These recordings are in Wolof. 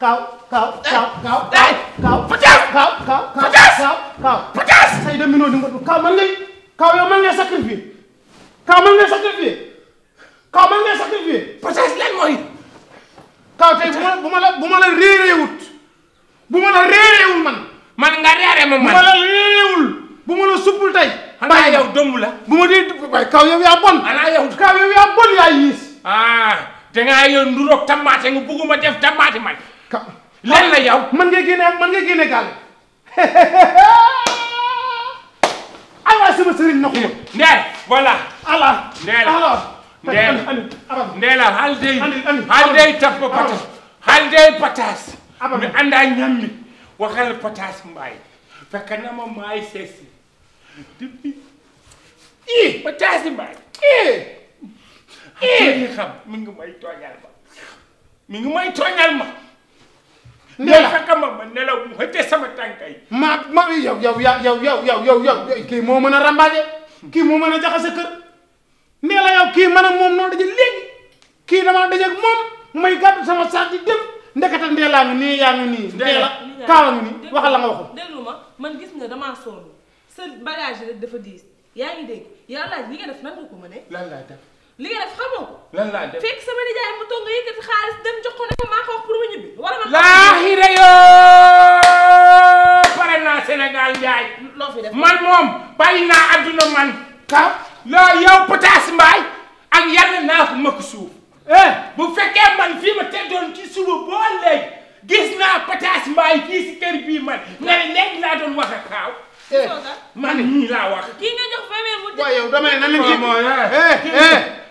kaw kaw kaw kaw kaw Pathias kaw kaw Pathias say dem minoo di nga kaw man ngay kaw yow man ngay sacrifier kaw man ngay sacrifier kaw man lan mooy kaw tey bu ma bu ma la bu ma la réeréewut bu ma la man man nga réeré ma man bu ma la réeréewul bu ma la suppul tey xanaa yow dëmb la bu ma dee kaw yow yaa bon xanaa yow kaw yow yaa bon yaa yiis ah dangaa yow nduroog tamaate nga bëgguma def tamaate man ka leen la yow mën nga génne gaal ay waay sama sëriñ na ko yëg ndeel voilà ala ndeel ndeela haal dey haal dey tappa patas haal dey patas mi annda ñammi wakal patas mbaay fekka nama maay seesi depuis i patas mbaay i xam mi ngi may tooñal ma mi ngi may tooñal ma mais fekk ma ma nelaw mu xëcce sama tànk yi. ma ma yow yow yow yow yow yow yow kii moo man a rambaaje kii moo mën a jaxase kër nee la yow kii man a moom noonu daje léegi kii damaa daje moom may gàddu sama saak di dem ndekete ndeelaa ngi nii yaa ngi nii. ndee la kaala ngi nii ma man gis nga damaa sa bagage rek dafa diis yaa ngi dégg yàlla li nga def nan nga li nga def xamoo ko. lan laa def fekk sama nijaay mu toog nga yëkkati xaalis dem jox ko ne maa ko pour mu ñibbi. wala ma yoo pare naa Sénégal njaay. man moom bàyyi adduna man. kaw laa yow Pataas Mbaay ak yàlla naa ko mëkk suuf. Eh, bu fekkee man fii ma teddoon ci suba boo léegi gis naa Pataas Mbaay fii si kër bii man nga ne léegi laa doon wax ak kaaw. Eh, man ñii laa wax. kii nga jox famille mu. waaw yow damay na leen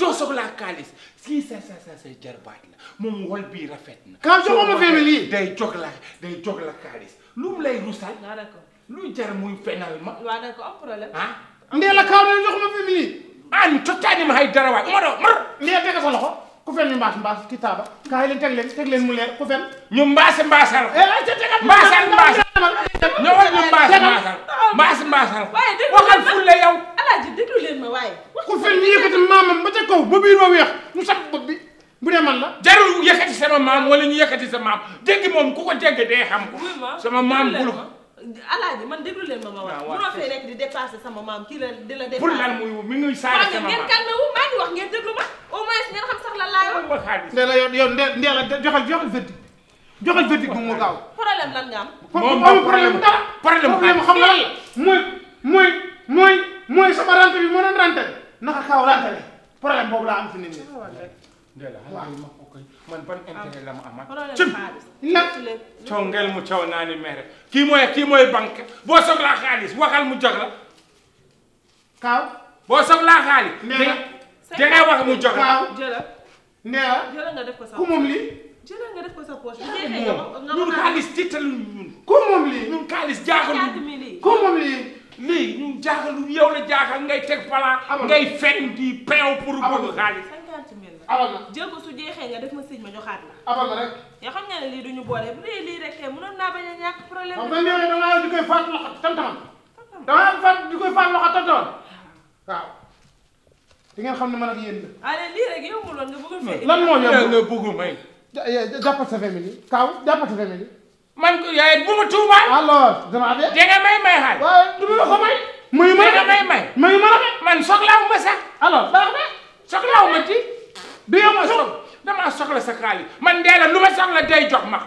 doo soxlaa xaalis si sa sa sa say jarbaat la moom wol bii rafet na. kan jox ma famille day jox la day jox la xaalis lu mu lay rusal. waaw d'accord lu jar muy fenal ma. waaw d'accord am problème. ah ndee la kaw ne jox ma famille. ah ni hay dara waay ma doon mar. ndee teg sa loxo ku fen ni mbaas mbaas ki kaay leen teg leen teg leen mu leer ku fen. ñu mbaase mbaasal. mbaasal mbaasal. mbaas mbaasal eh, waxal fulle alaaji déglu leen ma waaye. ku fen ñu yëkkati maamam ba ca kaw ba biir ba weex ñu sakk bopp bi bu dee man la. jarul yëkkati sama maam wala ñu yëkkati sa maam dégg moom ku ko jégg day xam ko. sama maam bul ko. alaaji man déglu leen ma ma wax. Ah, waaw fee rek di dépassé sama maam kii la di la. dépassé pour lan muy mi ngi saare sama maam ngeen calme wu maa ngi wax ngeen déglu ma au moins ngeen xam sax lan laa yor. Ndéla yow yow Ndéla joxal joxal verdict joxal verdict bu mu gaaw. problème lan nga am. moom amul problème dara. problème xam nga lan la mooy mooy mooy. mooy sama rente bi ma doon rente naka kaw rente bi problème boobu laa am fi nit ñi. waaw man ban la mu amal. coow ngel mu coow naa kii mooy kii mooy banque boo soxlaa xaalis waxal mu mu jox la kaaw jëla. nee na nga def ko sa ku moom lii. jëlal nga def ko sa poche. ñun lii. léegi ñun jaaxal yow la jaaxal ngay teg pala ngay fen di peew pour bëgg xaalis cinquante mille la jël ko su jeexee def ma sëñ ma joxaat la abal rek yoo xam nga ne lii duñu boole bu dee lii rek kay a naa bañ a ñàkk problème man léegi damaa di koy faat loxo tam-tam damaa faat di koy faat loxo tam-tam waaw di ngeen xam ne man ak yéen la ale lii rek yow mu loon nga bëgg lan moo yow nga bëgg may jàppal sa famille kaaw jàppal sa famille man ko yaay bu ma tuubaal. alors de. dégg nga may may xaal. du ma ko may. muy may de may may. muy ma de. man soxlaawu ma sax. alors baax na. soxlaawu ma ci. du yow ma soxla damaa soxla sa man dee la lu ma soxla day jox ma.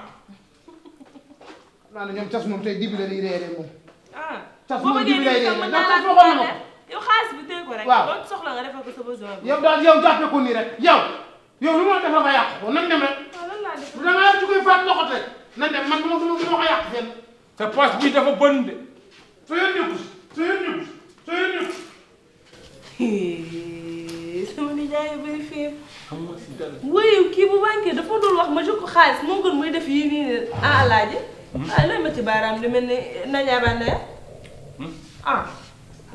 naa ne ñoom cas moom tey dibi la ñuy réeré moom. ah cas moom dibi lay réeré ndax cas moom waxoon na ko. yow xaalis bi lu ma defal ba yàq ko nan dem rek. waaw ah, lan laa def da ngaa jugee na dem man moom moom moo ko yàq fenn. te poche bi dafa bon de. soo yor ñëw soo yor ñëw soo yor ñëw. sama nijaay bay fépp. xam nga si dara. waaye kii bu banqué dafa doon wax ma jox ko xaalis moo gën muy def yii nii ne ah alaaji. Hmm? ah looy ma ci baaraam li mel ni Nadia Banaya. Hmm? ah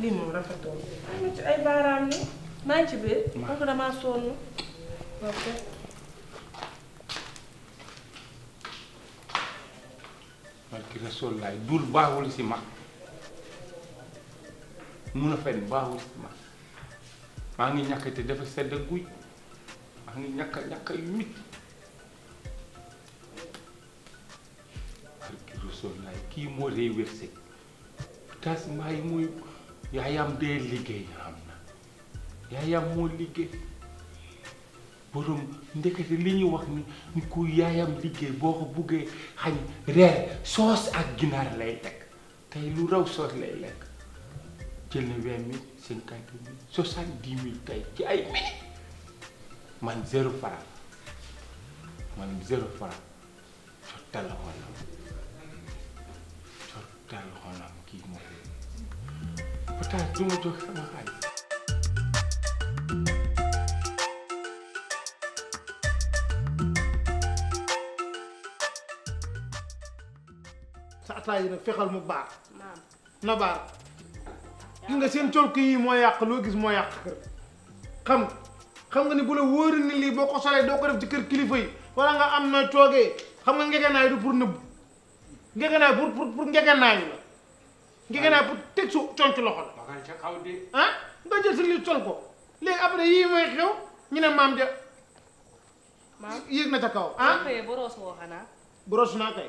lii moom rafetoon. ma ci ay baaraam ni maa ngi ci biir. maa ko damaa sonn. barki Rasuul laay dul baaxul si ma mun a fen baaxul si ma maa ngi ñàkk te dafa sedd guy maa ngi ñàkk ñàkk yu mit barki Rasuul laay kii moo dee wërsëg tas maay muy yaayam dee liggéey xam na yaayam moo liggéey borom ndekete li ñu wax ni ku yaayam liggéey boo ko buggee xañ reer soos ak ginaar lay teg tey lu raw soos lay lekk jël na vingt mille cinquante mille ci ay minute man zéro franc man zéro franc sottal xolam sottal xolam kii moom peut-être du ma jox sama xaalis saa yi nag fexal mu baar na baar gis nga seen colk yi moo yàq loo gis moo yàq kër xam xam nga ni bu la wóori ni lii boo ko solee doo ko def ci kër kilifa yi wala nga am na toogee xam nga ngegenaay du pour nëbb ngegenaay pour pour pour ngegenaay la ngegenaay pour teg su col ci loxo la ah nga jël si li col ko léegi après yii mooy xew ñu ne maam ja yéeg na ca kaw ah boros naa kay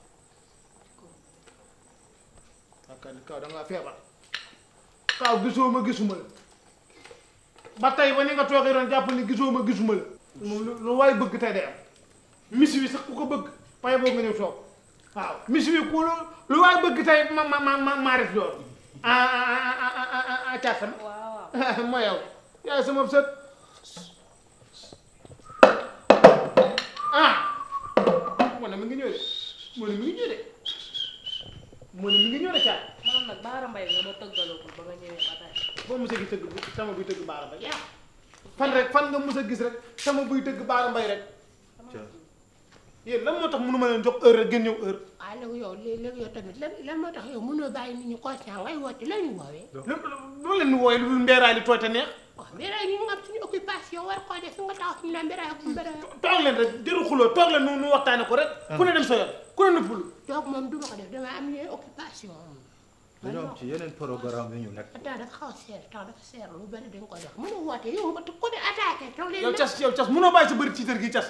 kan kaw da nga febar kaw gisoo ma gisuma la ba tey ba ni nga toogee doon jàpp ni gisoo ma gisuma la lu waay bëgg tey day am wi sax ku ko bëgg paye boo nga ñëw toog waaw mis wi ku lu waay bëgg tey ma ma ma ma maa def loolu ah ah ah ah ah càttam waaw ma yow yaay sama sët ah mu ne mi ngi ñëw de mu ne mi ngi ñëw de moo ne mi ngi ñëw ne caat. maam nag Baara Mbaye nga ma tëggalagul boo a gis tëgg sama buy tëgg Baara Mbaye. fan rek fan nga mos a gis rek sama buy tëgg Baara Mbaye rek. yéen lan moo tax mënu ma leen jox heure rek gën ñëw heure. waaw léegi yow léegi yow tamit lan lan moo tax yow mënoo bàyyi nit ñi conscient waaye woote la ñu woowee. loolu la ñu woowee lu mbéeraay li tooy te neex. waaw mbéeraay ñu nga am suñu occupation war koo def fi nga taxaw suñu naan mbéeraay ak mbéeraay. toog leen rek jëru xuloo toog leen nu nu waxtaane ko rek. ku ne dem sa yoon ku ne nëppul. donc moom du ma ko def dama am yeneen occupation. dañoo am ci yeneen programme yu ñu nekk. temps dafa xaw a seer temps dafa seer lu bëri dañ ko jox mënoo woote yow nga ko ne attaqué. yow cas yow cas mënoo bàyyi sa bëri tiitar gi cas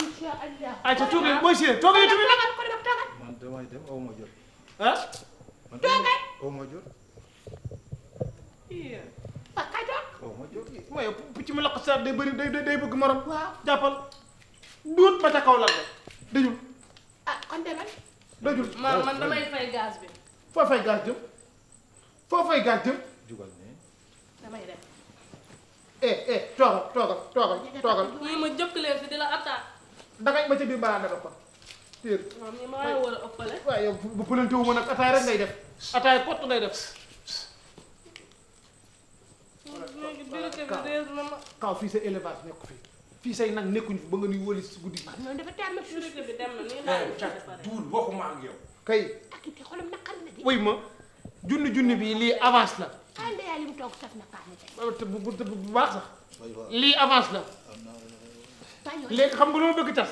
incha allah ayca mooy séeréer toogal yi tamit damay dem aw jot. ah. toogal aw jot. parce que jot. aw ma picc mu laq saar day bëgg morom. jàppal duut ba ca kaw lal rek dajul. ah kon man man damay fay gaz bi. foo fay gaz jëm. foo fay gaz jëm. jugal ne damay dem. eh eh toogal toogal toogal toogal ñii ma jëkk leen fi di la attaque dangay ma ci biir mbaa nga dopp tiir waaw mais maa war a ëppale waaw yow bu pëlante wu ma nag ataay rek ngay def ataay kott ngay def kaw fii sa élevage nekk fii fii say nag nekkuñ fi ba nga nuy wóoli si guddi bi non dafa tàmm ci rek bi dem na ni la duul waxuma ak yow kay ak te xolam naqar na di wuy ma junni junni bi lii avance la ah Ndeye Aliou toog saf na paane. te bu bu bu baax sax. lii avance la. léegi xam nga lu ma bëgg tas.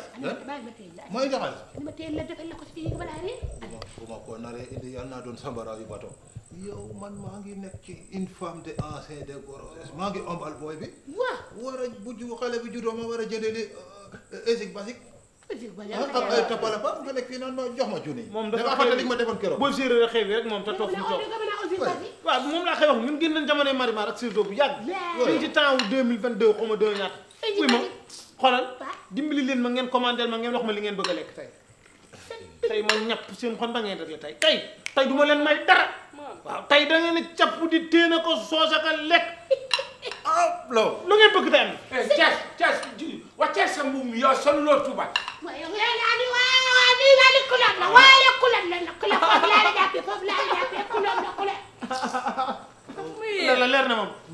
mooy joxal. ma teel la defal la ko si balaa réer. bu doon sambara yu bato. yow man maa ngi nekk ci une femme de ancien de gorose maa ngi ombal booy bi. waaw war a bu ju xale bi juddoo ma war a jëlee li ésic basique. ak ay toppala ba nga nekk fii naan ma jox ma junni. moom dafa xëy dafa fàttali ma defoon keroog. boo séeréer xëy Wah, moom laa koy wax ñun génn nañ jamonoy Marimar ak Sirdo bu yàgg. ñu ci temps 2022 xaw ma 2 oui ma xoolal dimbali leen ma ngeen commandé ma ngeen wax ma li ngeen bëgg a lekk tey. tey ma seen xon ba ngeen def leen may dara. waaw da ngeen di téen ko soos ak a ah loolu. lu ngeen bëgg tey am. Thiès wa Thiès sa mbuum yow sonn loo Touba. waaw yow yaa la la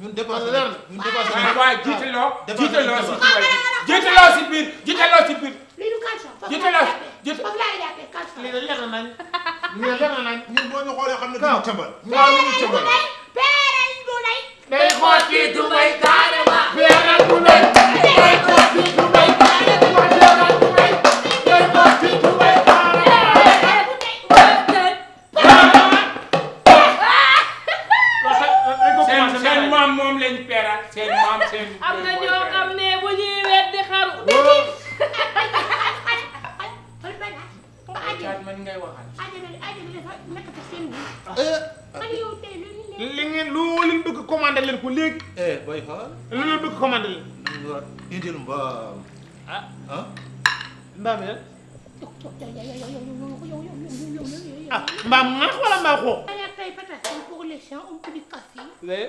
Mwen depas anan. Gite lò. Gite lò sipir. Lè lò kachan. Lè lò kachan. Mwen depas anan. Mwen depas anan. maam moom lañ peeral seen maam seen. am na ñoo xam ne bu ñuy weddi xaru. man ngay waxal. Eh, li ngeen loo leen bëgg commandé leen ko léegi. Eh, booy xool. lu leen bëgg commandé leen. indil mbaam. ah ah. mbaam yan. ah mbaam nga wala mbaam xoo. Eh.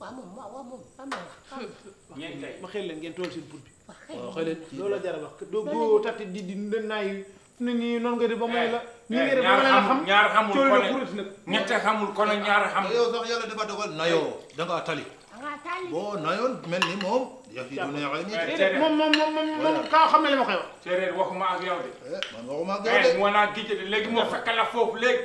waaw moom waaw waaw moom fan la wax. ñeent tey ma xëy leen ngeen tool seen put bi. waaw xëy leen loolu la jar a wax doo boo tatti di di naay ne nii nga di ba may eh, la. Eh, nii nga di ba may la xam ñaar xamul kone dogal nayoo da tali. boo nayoon mel ni moom. yëf yi du eh, moom moom moom kaa xam ne li ma koy wax. séeréer waxuma ak yow de. man waxuma ak de. léegi moo fekk la foofu léegi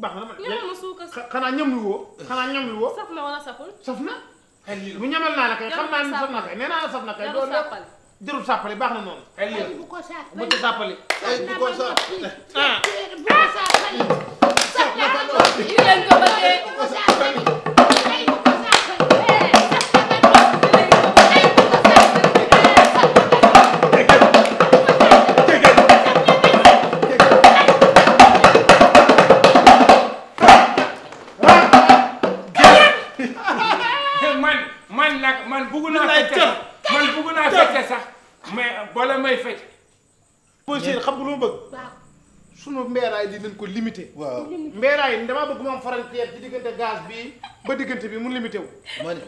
baax na ma suukar xanaa ñam lu woo xanaa ñam lu woo saf na wala saf na bu ñamal naa la saf na kay nee naa la saf na kay loolu baax na noonu ay bu ko sàppali bu ah. bu ko sàppali bu sunu mbeeraay di leen ko limité. waaw mbeeraay damaa bëgg mu am frontière ci diggante gaz bi ba diggante bi mu limité wu. ma ne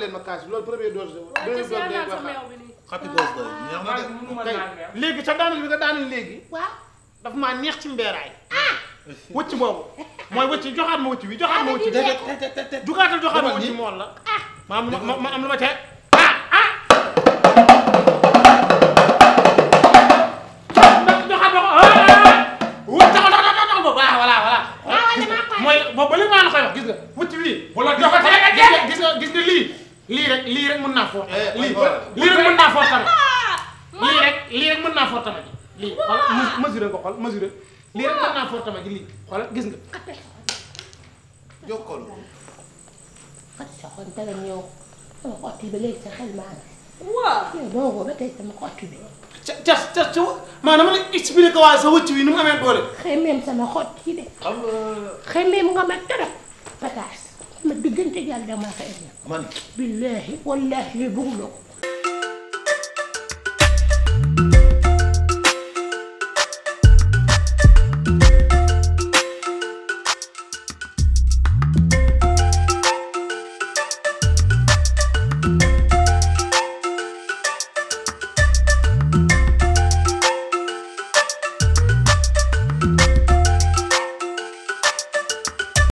leen ma kaas loolu premier dose. deuxième dose day wax na de léegi sa daanal bi nga daanal léegi. waaw ci boobu mooy wëcc joxaat joxaat ma wëcc. te te te te te te te te te te te te te te te baax voilà voilà. Ah, mooy moom ba léegi maa la gis nga wuti bii. bu la jox gis nga gis nga lii. lii rek lii rek mën naa foo. Eh, mën naa foo tamit. Ah, lii rek lii rek mën naa foo tamit lii xool mesure ko xool lii rek mën naa foo tamit lii xool gis nga. waaw yow doo woo ba tey sama xottu bi. ca ca ca ca maa dama lay expliqué ko waaye sa wëcc wi ni mu amee doole. xemeem sama xott yi de. xam nga. xemeem nga ma trop. pataas ma diggante yàlla dama xemeem. man billaahi wallaahi bëgg na ko.